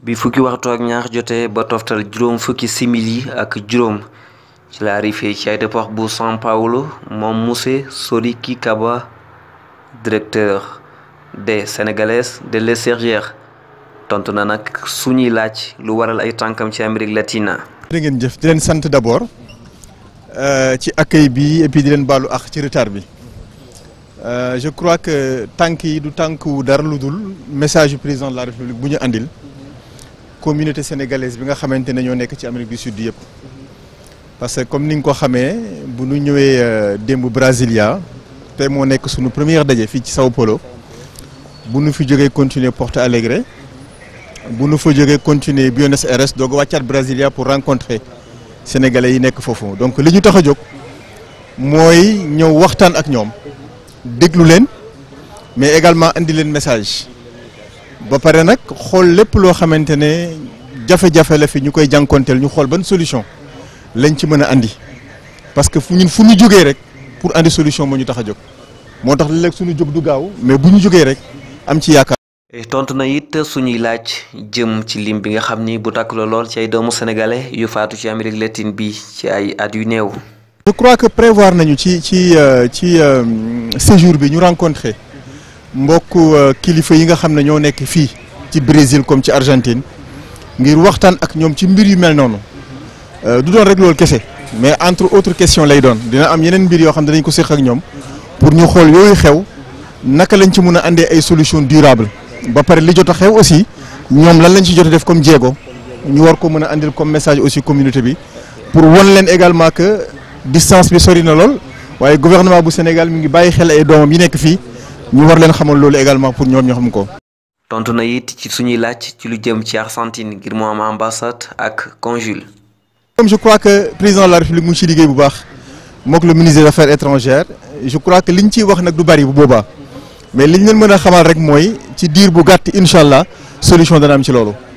bi fukki waxtu ak ñaar jotee ba toftal juróom fukki simili ak juróom ci la arrivé ci aéroport bu São Paulo moom Moussé Soriki Kaba directeur de Sénégalaises de le l'extérieur tontu na nag suñuy laaj lu waral ay tànkam ci Amérique latine. jërë ngeen jëf di leen sant d'abord euh, ci accueil bi et puis di leen baalu ak ci retard bi euh, je crois que tànk yi du tànk wu dara lu dul message du président de la République bu ñu andil. communauté sénégalaise bi nga xamante ne ñoo nekk ci Amérique du Sud yëpp. parce que comme ni nga ko xamee bu nu ñëwee euh, démb Brasilia te moo nekk sunu première daje fii ci Sao Paulo bu nu fi jógee continuer Porto Alegre bu nu fa jógee continuer Buenos Aires doog wàccaat Brasilia pour rencontrer sénégalais yi nekk foofu donc li ñu tax a jóg mooy ñëw waxtaan ak ñoom déglu leen mais également indi leen message. ba pare nag xool lépp loo xamante ne jafe-jafe la fi ñu koy jànkonteel ñu xool ban solution lañ ci mën a indi parce que fu ñu fu ñu jógee rek pour andi solution moo ñu tax a jóg moo tax léeg suñu jóg du gaaw mais bu ñu jógee rek am ci yaakaar. Eh, tontu na it suñuy laaj jëm ci lim bi nga xam ni bu takk la lool ci ay doomu sénégalais yu faatu ci Amérique latine bi ci ay at yu néew. je crois que prévoir nañu ci ci euh, ci euh, séjour bi ñu rencontré. mbokk euh, kilifa yi nga xam ne ñoo nekk fii ci Brésil comme ci Argentine ngir waxtaan ak ñoom ci mbir yu mel noonu euh, du doon rek loolu kese mais entre autres question lay doon dina am yeneen mbir yoo xam ne dañ ko séq ak ñoom pour ñu xool yooyu xew naka lañ ci mun a àndee ay solution durable ba pare li jot a xew aussi ñoom lan lañ ci jot a def comme jéego ñu war ko mën a andil comme message aussi communité bi pour won leen également que distance bi sori na lool waaye gouvernement bu Sénégal mi ngi bàyyi xel ay yi nekk fii ñu war leen xamal loolu également pour ñoom ñoo xam ko. tontu na it ci suñuy laaj ci lu jëm ci Argentine ngir mu am ambassade ak consul. comme je crois que président la république mu ngi liggéey bu baax mook le ministre des affaires étrangères je crois que liñ ciy wax nag du bari bu boobaa mais liñ leen mën a xamal rek mooy ci diir bu gàtt incha allah solution dana am ci loolu.